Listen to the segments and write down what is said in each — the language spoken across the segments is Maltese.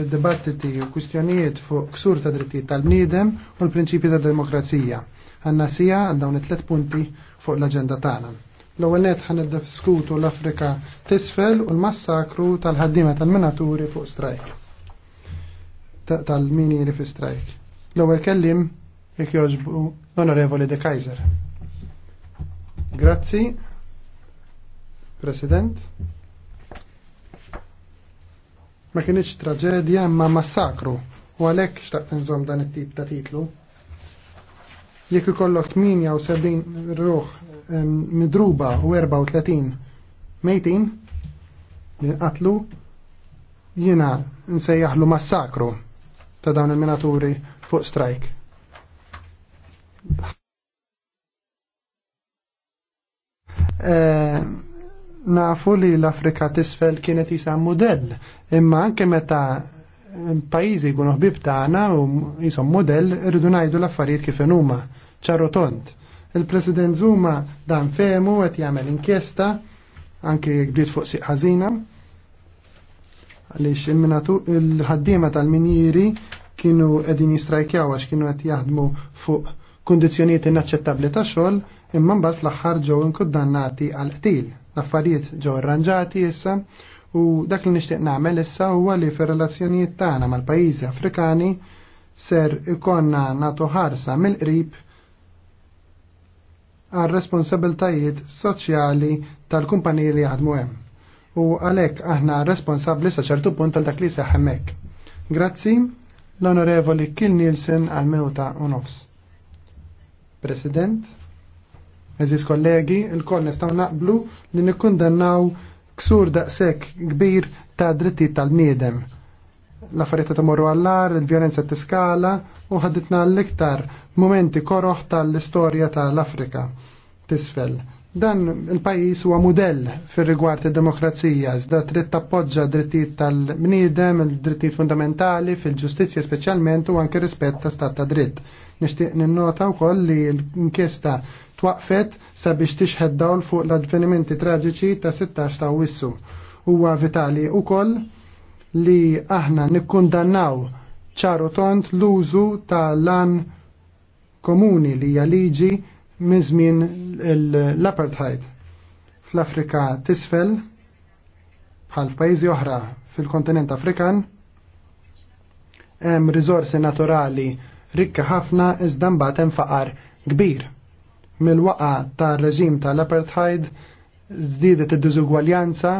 id-dibattiti u kwistjonijiet fuq ksur ta' drittijiet tal-bniedem u l-prinċipji ta' demokrazija. Għanna sija għal dawn it-tlet punti fuq l-agenda tagħna. L-ewwel net ħan diskutu l-Afrika t'isfel u l-massakru tal-ħaddiema tal-minaturi fuq strajk. Tal-minieri fi strajk. L-ewwel kellim jekk joġbu l-Onorevoli De Kaiser. Grazzi, President. Ma kienx traġedja imma massakru u għalhekk xtaqt nżomm dan it-tip ta' titlu. Jekk ikollok 78 ruħ midruba u 34 mejtin li nqatlu jiena nsejjaħlu massakru ta' dawn il-minaturi fuq strajk. Uh, nafu li l-Afrika tisfel kienet jisa model, imma anke meta pajizi jkunu ħbib tagħna u jisom modell irridu ngħidu l-affarijiet kif huma ċarotont. Il-President Zuma dan femu qed jagħmel inkjesta anke bdiet fuq siq ħażina għaliex il-ħaddiema tal-minjiri kienu qegħdin jistrajkjaw għax kienu qed jaħdmu fuq kundizzjonijiet inaċċettabbli ta' xogħol imma mbagħad fl-aħħar ġew inkuddannati għal qtil. L-affarijiet ġew arranġati issa u dak li nixtieq nagħmel issa huwa li fir-relazzjonijiet tagħna mal-pajjiżi Afrikani ser ikonna nagħtu ħarsa mill-qrib għal responsabiltajiet soċjali tal-kumpaniji li jaħdmu hemm. U għalhekk aħna responsabbli sa ċertu punt għal dak li seħ hemmhekk. Grazzi l-Onorevoli Kil Nielsen għal minuta u nofs. President, Eżis kollegi, il-koll nistaw naqblu li nikkundannaw ksur daqsek kbir ta' drittijiet tal-miedem. L-affarijiet ta' morru għallar, il-vjolenza tiskala u ħaditna l-iktar momenti koroħ tal-istorja tal-Afrika tisfel. Dan il-pajis huwa modell fir-rigward id-demokrazija, iżda trid tappoġġa drittijiet tal-bniedem, il-drittijiet fundamentali fil-ġustizzja speċjalment u anke rispett ta' stat ta' dritt. Nixtieq ninnota wkoll li l-inkjesta twaqfet sabiex tixħed dawl fuq l-avvenimenti traġiċi ta' 16 ta' wissu. Huwa vitali wkoll li aħna nikkundannaw ċaru tont l-użu ta' lan komuni li hija liġi minn żmien l-apartheid fl-Afrika tisfel bħal pajjiżi oħra fil-kontinent Afrikan hemm riżorsi naturali rikka ħafna iżda mbagħad hemm faqar kbir mill-waqa ta' reġim tal-apartheid zdidet id-diżugwaljanza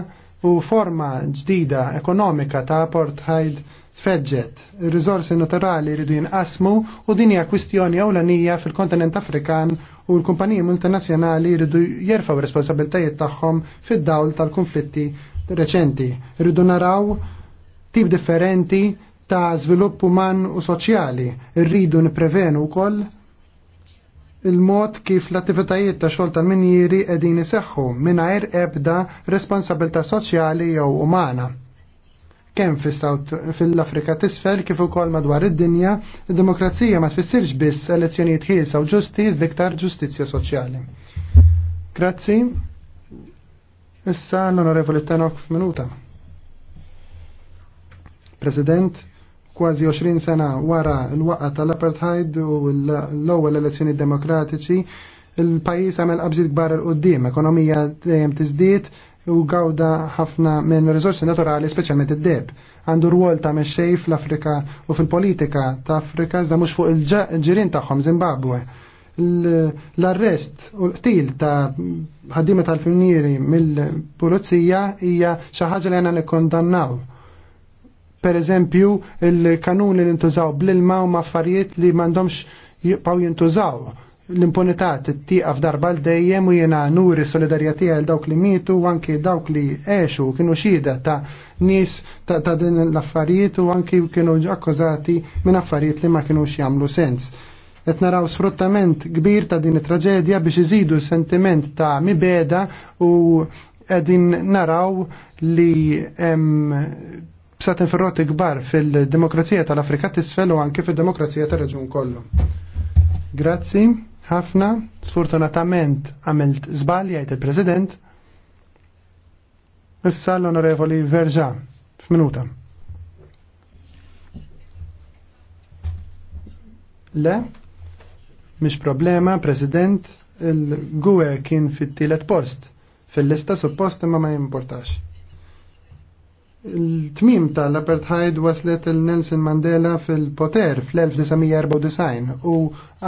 u forma ġdida ekonomika ta' apartheid tfeġġet. Ir-riżorsi naturali jridu jinqasmu u din hija kwistjoni ewlenija fil-kontinent Afrikan u l-kumpaniji multinazzjonali jridu jerfaw responsabiltajiet tagħhom fid-dawl tal-konflitti reċenti. Rridu naraw tip differenti ta' żvilupp uman u soċjali. rridu nipprevenu wkoll il-mod kif l-attivitajiet ta' xogħol tal-minjiri qegħdin iseħħu mingħajr ebda responsabilità soċjali jew umana. Kemm fil-Afrika t'isfel kif ukoll madwar id-dinja, id-demokrazija ma tfissirx biss elezzjonijiet ħiesa u ġusti diktar ġustizzja soċjali. Grazzi. Issa l-Onorevoli Tenok f'minuta. President, kważi 20 sena wara l-waqqa tal-apartheid u l-ewwel elezzjoni demokratiċi, il-pajjiż għamel qabżiet kbar il qudiem ekonomija dejjem tiżdied u gawda ħafna minn riżorsi naturali, speċjalment id-deb. Għandu rwol ta' mexxej fl-Afrika u fil-politika ta' Afrika iżda mhux fuq il-ġirien tagħhom Zimbabwe. L-arrest u l-qtil ta' ħaddima tal-finjiri mill-pulizija hija xi ħaġa li għandna nikkondannaw Per eżempju, il-kanuni li ntużaw bl-ilma u maffarijiet li mandomx jibqaw jintużaw. L-impunità t-tiqa f'darba l-dejjem u jena nuri solidarjati għal dawk li mitu u anki dawk li eħxu kienu xida ta' nis ta', ta din l-affarijiet u anki kienu akkużati minn affarijiet li ma kienu jagħmlu sens. Et naraw sfruttament kbir ta' din it-traġedja biex iżidu sentiment ta' mibeda u għedin naraw li b'satin ferroti kbar fil-demokrazija tal-Afrika tisfel u anke fil-demokrazija tal-reġun kollu. Grazzi, ħafna, sfortunatament għamilt zbalja jgħid il-President. Issa l-Onorevoli Verġa, f'minuta. Le, mish problema, President, il-gwe kien fit-tielet post, fil-lista suppost imma ma jimportax. Il-tmim tal-apartheid waslet il-Nelson Mandela fil-poter fl-1994 u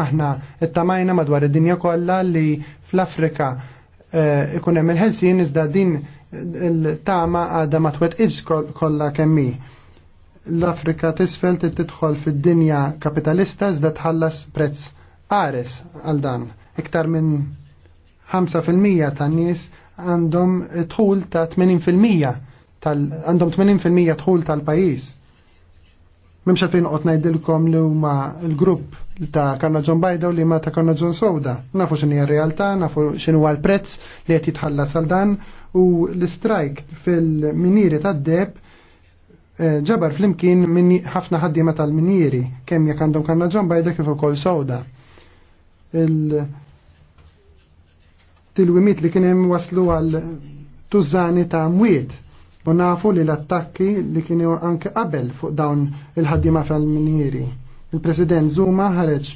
aħna it-tamajna madwar id-dinja kollha li fl-Afrika eh, ikun hemm il-ħelsien iżda din il-tama għadha ma iġ kollha kemmi. L-Afrika tisfel tidħol fid-dinja kapitalista iżda tħallas prezz qares għal dan. Iktar minn 5% tan-nies għandhom tħul ta' 80% għandhom 80% dħul tal-pajis. Mimx għalfejn qot najdilkom li huma l-grupp ta' Karna John Bajda u li ma ta' Karna John Soda. Nafu xini realtà, nafu xin huwa l-prezz li qed jitħalla sal dan u l strike fil-miniri ta' deb eh, ġabar flimkien minn ħafna ħaddiema tal-miniri kemm jekk għandhom Karna John Bajda kif ukoll Sowda. Il wimiet li kien hemm waslu għal tużani ta' mwiet U nafu li l-attakki li kienu anke qabel fuq dawn il-ħaddima fil-minieri. Il-President Zuma ħareġ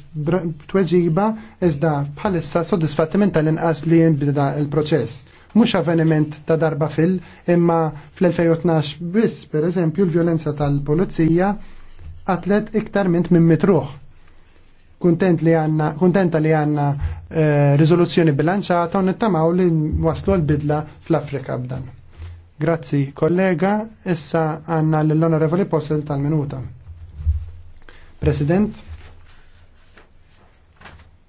tweġiba iżda bħalissa soddisfattiment tal-inqas li jinbida il-proċess. Mhux avveniment ta' darba fil, imma fl-2012 biss, per eżempju, l-violenza tal-polizija għatlet iktar minn minn mitruħ. li għanna, kuntenta li għanna eh, rizoluzzjoni bilanċata u nittamaw li waslu l-bidla fl-Afrika b'dan. Grazzi, kollega, issa għanna l-Onorevoli Possel tal-minuta. President,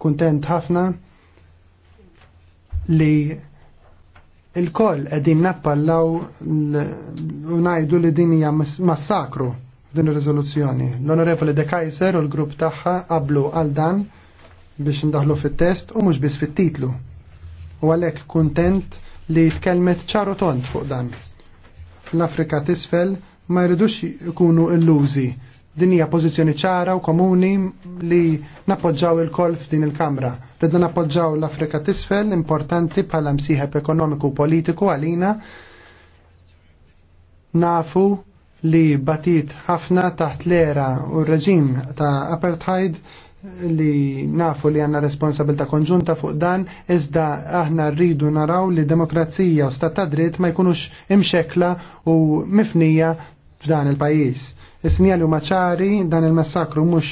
kuntent ħafna li il-koll edin nappallaw unajdu li din hija massakru din ir-riżoluzzjoni. L-Onorevoli De Kaiser u l-grupp tagħha qablu għal dan biex ndaħlu fit-test u mhux biss fit-titlu. U għalhekk kuntent li tkellmet ċaru tont fuq dan. Fl-Afrika tisfel ma jridux ikunu illużi. Din hija pożizzjoni ċara u komuni li nappoġġaw il-kol f'din il-Kamra. Ridna nappoġġaw l-Afrika tisfel importanti bħala msieħeb ekonomiku u politiku għalina nafu li batit ħafna taħt l-era u r-reġim ta' apartheid li nafu li għanna responsabilta konġunta fuq dan, iżda aħna rridu naraw li demokrazija u stat ta' dritt ma jkunux imxekla u mifnija f'dan il-pajis. Is-sinjali huma ċari dan il-massakru mhux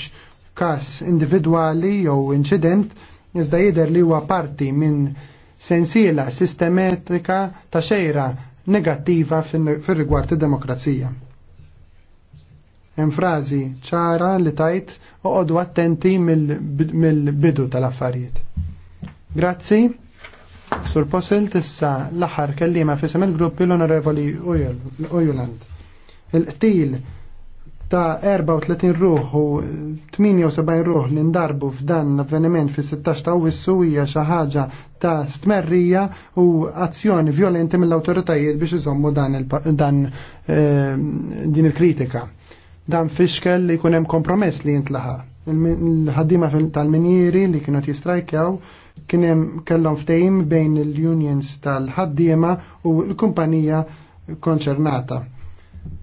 kas individwali jew inċident, iżda jidher li huwa parti minn sensiela sistematika ta' xejra negattiva fir-rigward id-demokrazija. Hemm frażi ċara li tajt oqogħdu attenti mill-bidu tal-affarijiet. Grazzi. Sur posil tissa l-aħħar kellima fisem il-grupp l-Onorevoli Ujuland. Il-qtil ta' 34 ruħ u 78 ruħ li ndarbu f'dan l-avveniment fi 16 ta' wissu hija xi ħaġa ta' stmerrija u azzjoni violenti mill-awtoritajiet biex iżommu dan, eh, din il-kritika dan fixkel li jkun hemm kompromess li jintlaħa. Il-ħaddima tal-minjiri li kienu jistrajkjaw kien hemm kellhom ftehim bejn il-unions tal-ħaddiema u l-kumpanija konċernata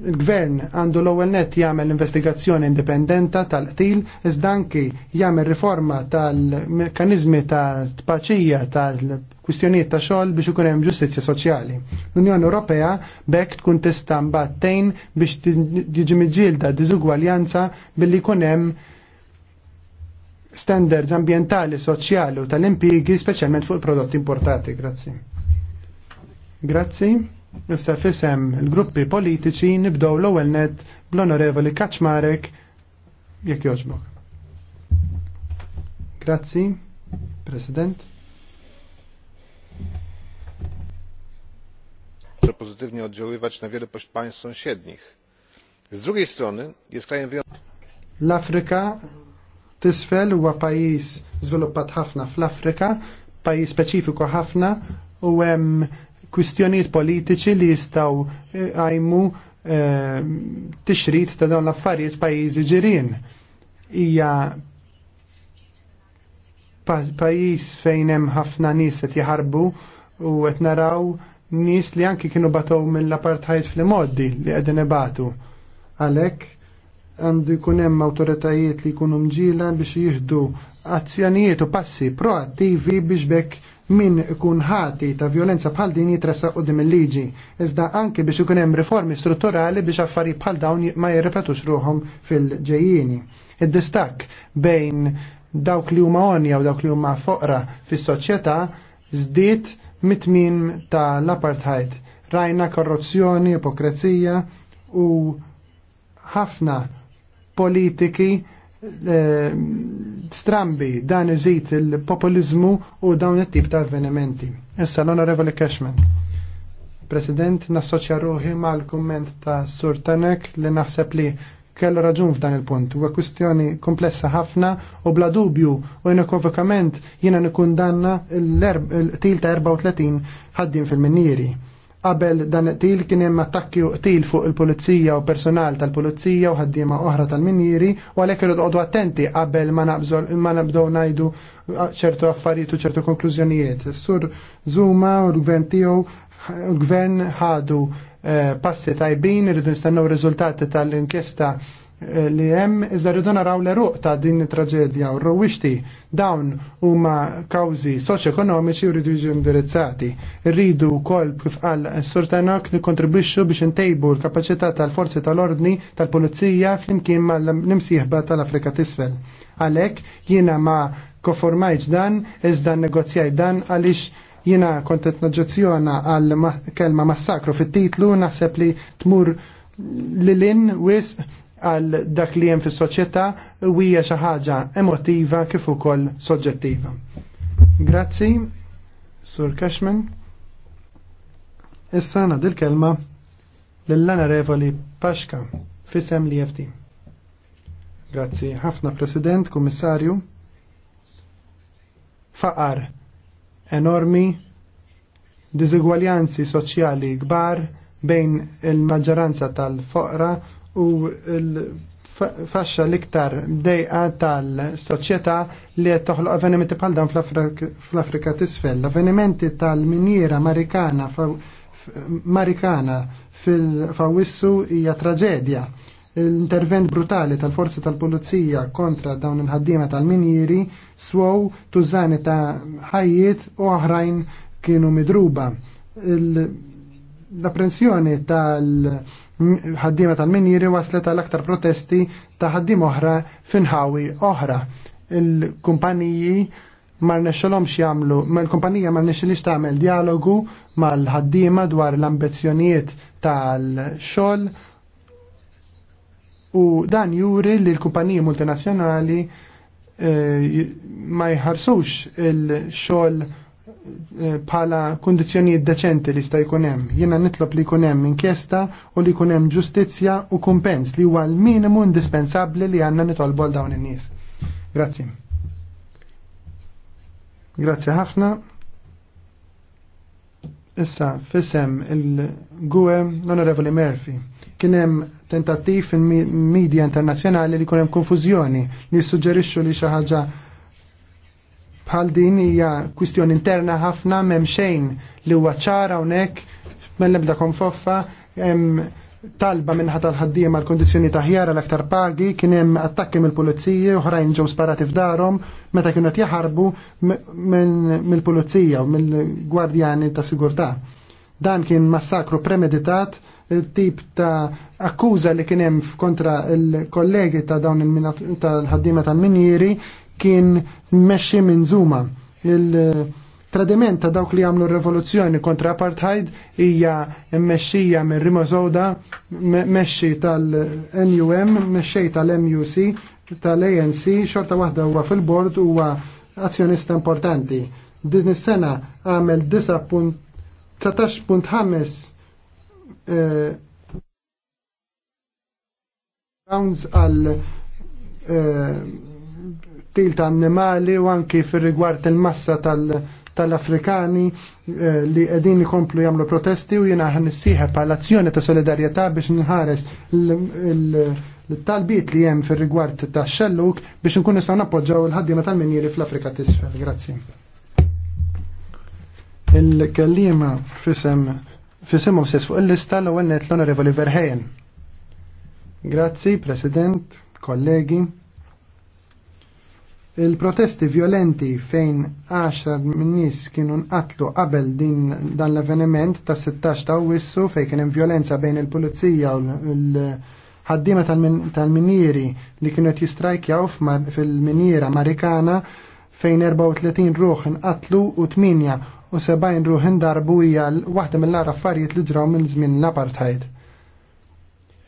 il-gvern għandu l-ewwel net jagħmel investigazzjoni indipendenta tal-qtil iżda anki jagħmel riforma tal-mekkaniżmi ta' tpaċija tal-kwistjonijiet ta' xogħol biex ikun hemm ġustizzja soċjali. L-Unjoni Ewropea bekk tkun tista' mbagħadtejn biex jiġi miġġielda diżugwaljanza billi jkun hemm standards ambientali, soċjali u tal impjiegi speċjalment fuq il-prodotti importati. Grazzi. Grazzi. Issa fisem il-gruppi politiċi nibdow l-ewwel net bl-Onorevoli Kaczmarek jekk joġbok. Grazzi, President. Może pozytywnie oddziaływać na wiele państw sąsiednich. Z drugiej strony jest krajem wyjątkowym. L-Afryka tisfel huwa pajjiż żviluppat ħafna fl-Afrika, pajjiż speċifiku ħafna u hemm kwistjonijiet politiċi li jistaw eh, għajmu eh, tixrid ta' dawn l-affarijiet pajjiżi ġirien. Hija pajjiż fejn hemm ħafna nies qed jħarbu u qed naraw nies li anki kienu batow mill-apartheid fl-moddi li qegħdin ibatu. Għalhekk għandu jkun hemm awtoritajiet li jkunu mġila biex jieħdu azzjonijiet u passi proattivi biex bekk min ikun ħati ta' violenza bħal din jitressa dim il-liġi, iżda anke biex ikun hemm riformi strutturali biex affarijiet bħal dawn ma jirrepetux ruhom fil ġejjini Id-distakk bejn dawk li huma onja u dawk li huma foqra fis-soċjetà żdied mitmin ta' l-apartheid. Rajna korruzzjoni, ipokrezija u ħafna politiki strambi dan iżid il-populizmu u dawn it-tip ta' avvenimenti. Issa l-Onorevoli Cashman. President, nassoċja ruħi mal-komment ta' Sur Tanek li naħseb li kellu raġun f'dan il-punt. U kwistjoni komplessa ħafna u bla dubju u inekovokament jiena nikundanna l-til ta' 34 ħaddin fil minniri Qabel dan qtil kien hemm attakki u qtil fuq il-pulizija u personal tal-pulizija u ħaddiema oħra tal-minjiri u għalhekk irid qogħdu attenti qabel ma nabżol ma nabdew ngħidu ċertu affarijiet u ċertu konklużjonijiet. Sur Zuma u l-gvern tiegħu l-gvern ħadu eh, passi tajbin, irridu nistennew riżultati tal-inkjesta li hemm iżda rridu naraw l eruq ta' din it-traġedja u rruwixti dawn huma kawżi soċ-ekonomiċi u rridu jiġu indirizzati. Rridu wkoll kif qal sur Tanok nikkontribwixxu biex intejbu l-kapaċità tal-forzi tal-ordni tal-pulizija flimkien mal-imsieħba tal-Afrika t'isfel. Għalhekk jiena ma konformajx dan iżda negozjaj dan għaliex jiena kontet noġġezzjona għal kelma massakru fit-titlu naħseb li tmur lilin wisq għal dak li hemm fis-soċjetà hija xi ħaġa emotiva kif ukoll soġġettiva. Grazzi, Sur Cashman. Issa għandha dil-kelma lill anarevoli Paxka fisem li jefti. Grazzi ħafna President, Kummissarju. Faqar enormi, diżigwaljanzi soċjali kbar bejn il-maġġoranza tal-foqra u l-faxxa l-iktar bdejqa tal-soċjetà li toħloq avvenimenti bħal dan fl-Afrika t'isfel. L-avvenimenti tal-miniera Marikana Marikana fil-fawissu hija traġedja. L-intervent brutali tal-forzi tal-pulizija kontra dawn il-ħaddiema tal minieri swow tużani ta' ħajjiet u oħrajn kienu midruba. L-apprensjoni tal- ħaddiema tal-minjiri waslet għal aktar protesti ta' ħaddim oħra finħawi oħra. Il-kumpaniji mar nexxolhomx jagħmlu, ma il kumpanija mar nexxilix tagħmel dialogu mal-ħaddiema dwar l-ambizzjonijiet tal-xogħol u dan juri li l-kumpaniji multinazzjonali eh, ma jħarsux il-xogħol Eh, bħala kondizjonijiet deċenti li sta' jkunem. Jena nitlob li jkunem inkjesta u li jkunem ġustizja u kumpens li huwa l-minimu indispensabli li għanna nitolbu għal dawn in-nies. Grazzi. Grazzi ħafna. Issa, fissem il-gwe l-Onorevoli Murphy kienem tentattiv fil-medja internazjonali li kunem konfuzjoni li suġġerixxu li xi ħaġa bħal din hija kwistjoni interna ħafna m'hemm xejn li huwa ċara hawnhekk mill-ebda konfoffa hemm talba minnħat tal-ħaddiem għal kondizjoni taħjar l aktar pagi, kien hemm attakki mill-pulizija, oħrajn ġew sparati f'darhom meta kienu qed jaħarbu mill-pulizija u mill-gwardjani ta' sigurtà. Dan kien massakru premeditat, tip ta' akkuża li kien hemm kontra il-kollegi ta' dawn il-ħaddiema tal minieri kien meċi minn Zuma. Il-tradiment ta' dawk li għamlu revoluzzjoni kontra apartheid hija mmexxija minn Rimo Zoda, meċi tal-NUM, meċi tal-MUC, tal-ANC, xorta waħda huwa fil-bord huwa azzjonista importanti. Din is-sena għamel 19.5 eh, rounds għal eh, qtil ta' animali u anki fir rigward il-massa tal-Afrikani eh, li qegħdin ikomplu jagħmlu protesti u jiena ħan nissieħeb għal azzjoni ta' solidarieta biex nħares l-talbiet li hemm fir rigward ta' xelluk biex nkun nistgħu nappoġġaw il-ħaddiema tal-minjieri fl-Afrika t'isfel. Grazzi. Il-kellima fisem fisimhom stess fuq il-lista l-ewwel l-Onorevoli Verheyen. Grazzi, President, kollegi. Il-protesti violenti fejn 10 nis kienu nqatlu qabel din dan l-avveniment ta' 16 ta' wissu fejn kien hemm violenza bejn il-pulizija u l-ħaddiema tal-minieri li kienu qed jistrajkjaw fil-miniera Marikana fejn 34 ruħ inqatlu u 8 u 70 ruħ indarbu hija waħda mill-ara affarijiet li ġraw minn żmien l-apartheid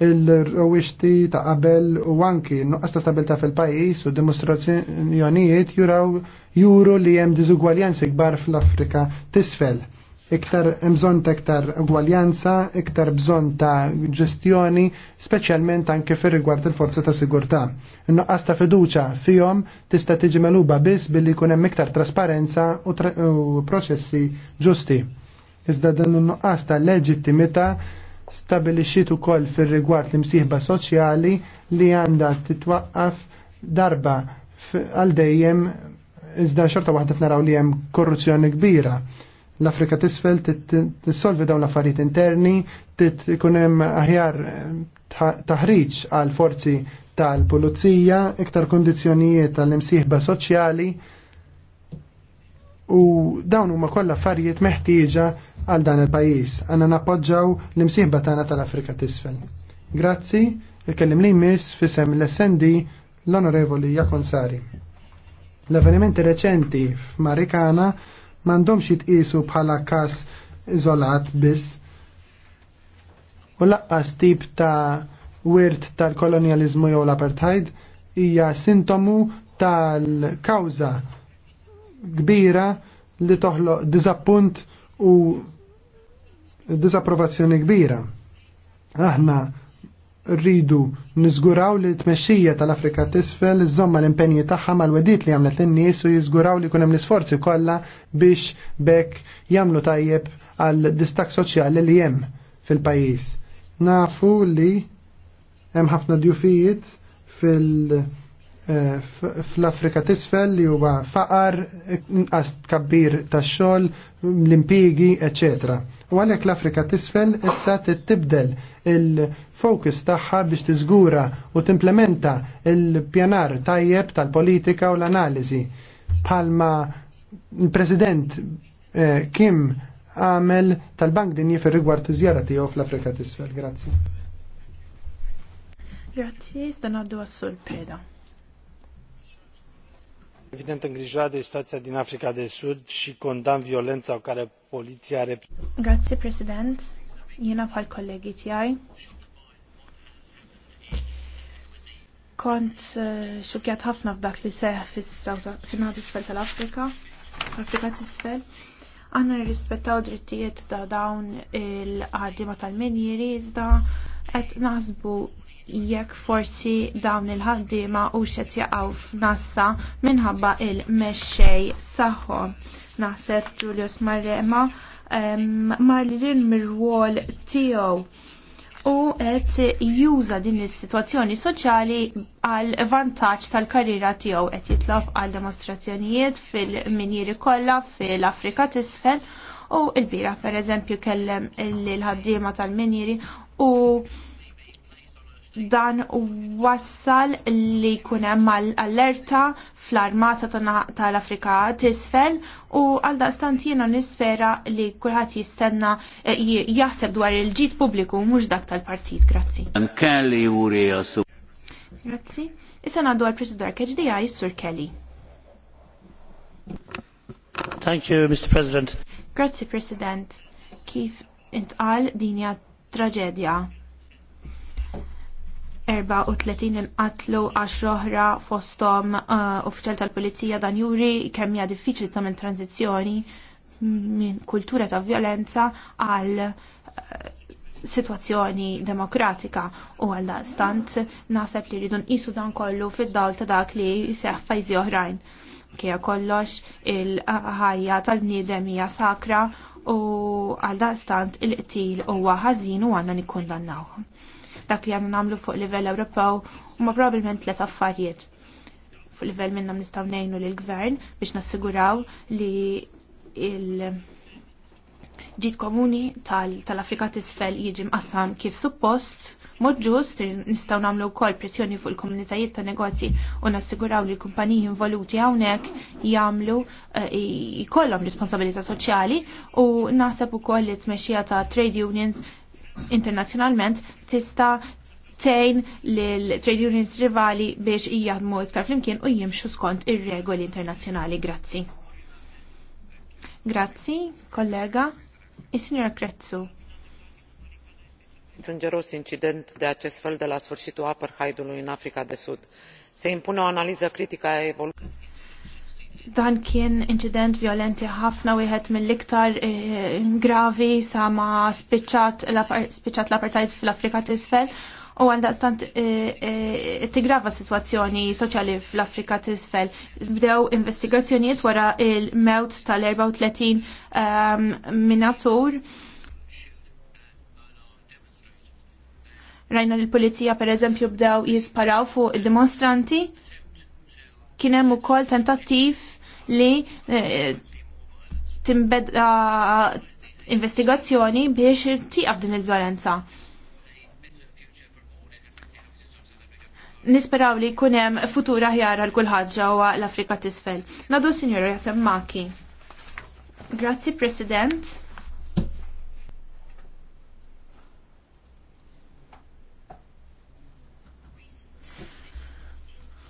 il-rowixti ta' qabel u anki nuqqas ta' stabilta fil-pajis u dimostrazzjonijiet juraw juru li hemm diżugwaljanzi kbar fl-Afrika tisfel. Iktar imżon ta' iktar ugwaljanza, iktar bżon ta' ġestjoni, speċjalment anke fir rigward il-forza ta' sigurtà. Nuqqas ta' fiduċa fihom tista' tiġi meluba biss billi jkun hemm iktar trasparenza u, tra u proċessi ġusti. Iżda dan n nuqqas ta' leġittimità stabilixiet ukoll fir-rigward l-imsieħba soċjali li għandha titwaqqaf darba għal dejjem iżda xorta waħda naraw li hemm korruzzjoni kbira. L-Afrika tisfel tissolvi dawn l-affarijiet interni, ikun hemm aħjar eh, taħriġ għal forzi tal-pulizija, iktar kondizzjonijiet tal-imsieħba soċjali u dawn huma kollha affarijiet meħtieġa għal dan il-pajis. Għanna nappoġġaw l-imsieħba tagħna tal-Afrika t'isfel. Grazzi, il-kellim li jmiss fisem l-SND l-Onorevoli Jakon Sari. L-avvenimenti reċenti f'Marikana m'għandhomx jitqisu bħala kas iżolat biss u laqqas tip ta' wirt tal-kolonializmu jew l-apartheid hija sintomu tal-kawża kbira li toħloq diżappunt u disapprovazzjoni kbira. Aħna rridu niżguraw li t-mexxija tal-Afrika t-isfel iżomma l-impenji tagħha mal-wedit li għamlet lin-nies u jiżguraw li jkun hemm l-isforzi kollha biex bekk jagħmlu tajjeb għal distak soċjali li hemm fil-pajjiż. Nafu li hemm ħafna djufijiet fil- fl-Afrika tisfel li huwa faqar, inqas tkabbir tax-xogħol, l-impigi, ecc. U għalhekk l-Afrika tisfel issa tittibdel il-fokus tagħha biex tiżgura u timplementa il-pjanar tajjeb tal-politika u l-analiżi. Palma il-President eh, Kim għamel tal-Bank Dinji fir-rigward tiżjara tiegħu fl-Afrika tisfel. Grazzi. Grazzi, stanaddu għas-sul preda. Evident îngrijorat de situația din Africa de Sud și condamn violența cu care poliția are... Grazie, President. Jena bħal kollegi tijaj. Kont eh, xukjat ħafna f'dak li seħ fin-naħat isfel tal-Afrika, Afrika t-isfel. Għanna rispettaw drittijiet da' dawn il-ħaddima tal menjiri da' qed naħsbu jekk forsi dawn il-ħaddiema u xed jaqgħu f'nassa minħabba il-mexxej tagħhom. Naħseb Julius Marrema mar li lil mir-rwol tiegħu u qed juża din is-sitwazzjoni soċjali għal vantaġġ tal-karriera tiegħu qed jitlob għal demostrazzjonijiet fil minieri kollha fil-Afrika t'isfel u l-bira pereżempju kellem l-ħaddiema tal minieri u dan wassal li kunem mal-allerta fl-armata tal-Afrika tisfel u għal stant jena nispera li kullħat jistenna eh, jaħseb dwar il-ġit publiku mux dak tal-partit. Grazzi. Kelly uri jasu. Uh, Grazzi. Issa għaddu għal presidur KHDI, Sur Kelly. Thank you, Mr. President. Grazzi, President. Kif intqal dinja traġedja. 34 inqatlu 10 oħra fostom uh, uffiċjal tal-Pulizija dan juri kemm hija diffiċli tagħmel tranzizzjoni minn kultura ta' violenza għal uh, situazzjoni demokratika u għal stant naħseb li ridun nqisu dan kollu fid-dawl ta' dak li seħ fajzi oħrajn. Kija kollox il-ħajja tal-bniedem hija sakra u għal daqstant il-qtil huwa ħażin u għandna nikkundannaw. Dak li għanna nagħmlu fuq livell Ewropew huma probabbilment let affarijiet. Fuq livell minnhom nistgħu ngħinu lill-gvern biex nassiguraw li il- ġit komuni tal-Afrika tal tisfel jiġi mqassam kif suppost, mod ġust nistgħu nagħmlu wkoll pressjoni fuq il-komunitajiet ta' negozji u nassiguraw li l-kumpaniji involuti hawnhekk jagħmlu eh, jkollhom responsabilità soċjali u naħseb ukoll li tmexxija ta' trade unions internazzjonalment tista' tejn lil trade unions rivali biex jgħadmu iktar flimkien u jimxu skont ir-regoli internazzjonali. Grazzi. Grazzi, kollega. Is-Sinjor Krezzu. Sângeros incident de acest fel de la sfârșitul apartheidului în Africa de Sud. Se impune o analiză critică a evoluției dan kien incident violenti ħafna wieħed mill-iktar eh, gravi sa ma spiċċat l-apartajt fl-Afrika t-isfel u għaldaqstant eh, eh, tigrava situazzjoni soċjali fl-Afrika t-isfel. Bdew investigazzjonijiet wara il-mewt tal-34 ehm, minatur. Rajna l-polizija per eżempju bdew jisparaw fuq il-dimostranti. Kienem u kol tentattiv li eh, timbedda investigazzjoni biex tiqaf din il-violenza. nisperaw li kunem futura ħjar għal kulħadd ġewwa l-Afrika t'isfel. Nadu Sinjora Maki. Grazzi President.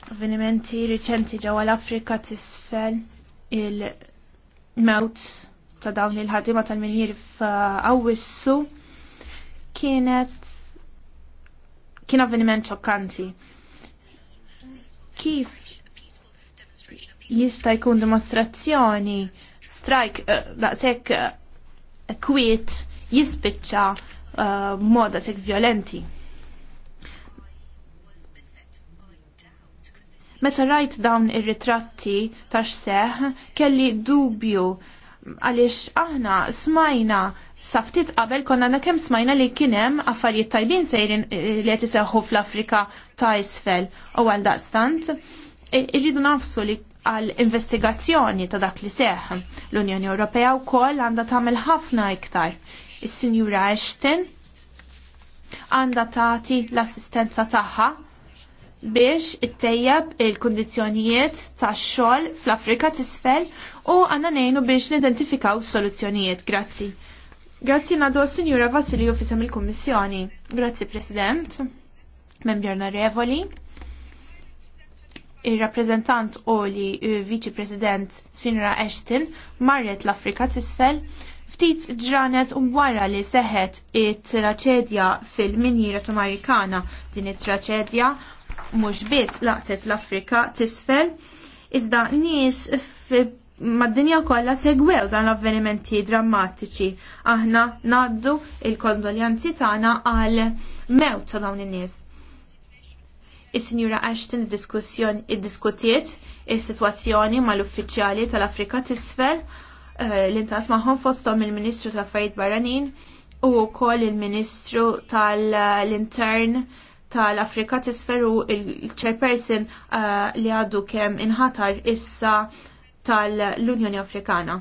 Avvenimenti riċenti ġewwa l-Afrika t'isfel il-mewt ta' dawn il-ħadima tal-minjir f'Awwissu kienet kien avveniment ċokkanti kif jista' jkun dimostrazzjoni strajk eh, daqshekk eh, kwiet jispiċċa uh, eh, moda sek violenti. Meta rajt dawn ir-ritratti tax seħ kelli dubju għaliex aħna smajna Saftit qabel konna na smajna li kienem affarijiet tajbin sejrin eh, li qed iseħħu fl-Afrika ta' isfel u għal daqstant. Eh, irridu nafsu li għal investigazzjoni ta' dak li seħ. L-Unjoni Ewropea wkoll għandha tagħmel ħafna iktar. Is-Sinjura Ashton għandha tagħti l-assistenza tagħha biex ittejjeb il-kondizjonijiet tax xogħol fl-Afrika t'isfel u għandna ngħinu biex nidentifikaw soluzzjonijiet. Grazzi. Grazzi nado Signora Vassilio fisem il-Kommissjoni. Grazie President, membri onorevoli, il-rappresentant Oli Vice President Sinra Ashton marret l-Afrika tisfel ftit ġranet u wara li seħet it-traċedja fil-minjira Amerikana din it-traċedja mhux biss laqtet l-Afrika tisfel iżda nies mad-dinja kollha segwew dan l-avvenimenti drammatiċi. Aħna naddu il-kondoljanzi tagħna għal mewt ta' dawn in-nies. Is-Sinjura Ashton id diskutiet is-sitwazzjoni mal-uffiċjali tal-Afrika tisfel eh, l-intas magħhom fosthom il-Ministru tal-Affarijiet Barranin u wkoll il-Ministru tal-Intern tal-Afrika tisfel u il-Chairperson eh, li għadu kemm inħatar issa tal-Unjoni Afrikana.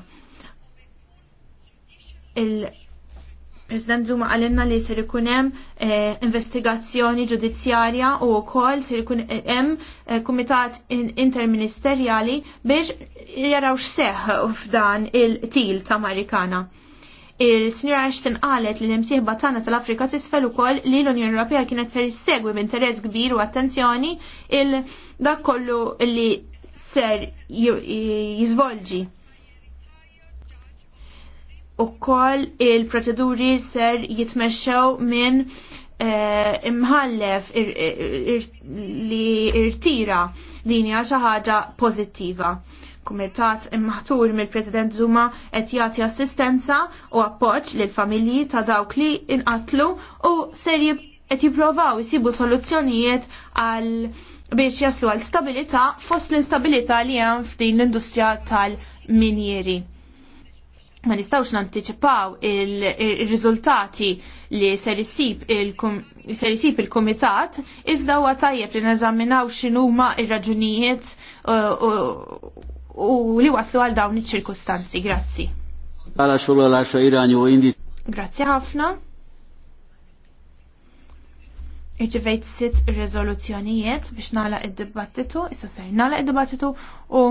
President Zuma għalinna li ser ikun hemm eh, investigazzjoni ġudizzjarja u wkoll ser ikun eh, hemm eh, kumitat interministerjali biex jaraw x'seħħ f'dan il-til ta' Amerikana. Il-Sinjora Ashton qalet li l-imsieħba tagħna tal-Afrika tisfel ukoll li l-Unjoni Ewropea kienet ser issegwi b'interess kbir u attenzjoni il dak kollu li ser jizvolġi. U koll il-proċeduri ser jitmexxew minn eh, imħallef li irtira din hija xi ħaġa pożittiva. Kumitat immaħtur mill-President Zuma qed jagħti assistenza u appoġġ lil familji ta' dawk li inqatlu u ser qed jipprovaw isibu soluzzjonijiet għal biex jaslu għal stabilita fost l-instabilità li hemm f'din l-industrija tal-minjeri. Ma nistawx nanticipaw il-riżultati li ser isib il-komitat, iżda huwa tajjeb li neżaminaw x'inhuma il raġunijiet uh, u li waslu għal dawn iċ-ċirkostanzi. Grazzi. Għala xurru għal Grazzi ħafna. Irċivejt sitt rezoluzzjonijiet biex nagħlaq id-dibattitu, issa ser nalaq id-dibattitu u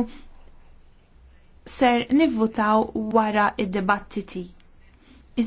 ser nivvutaw wara id-dibattiti.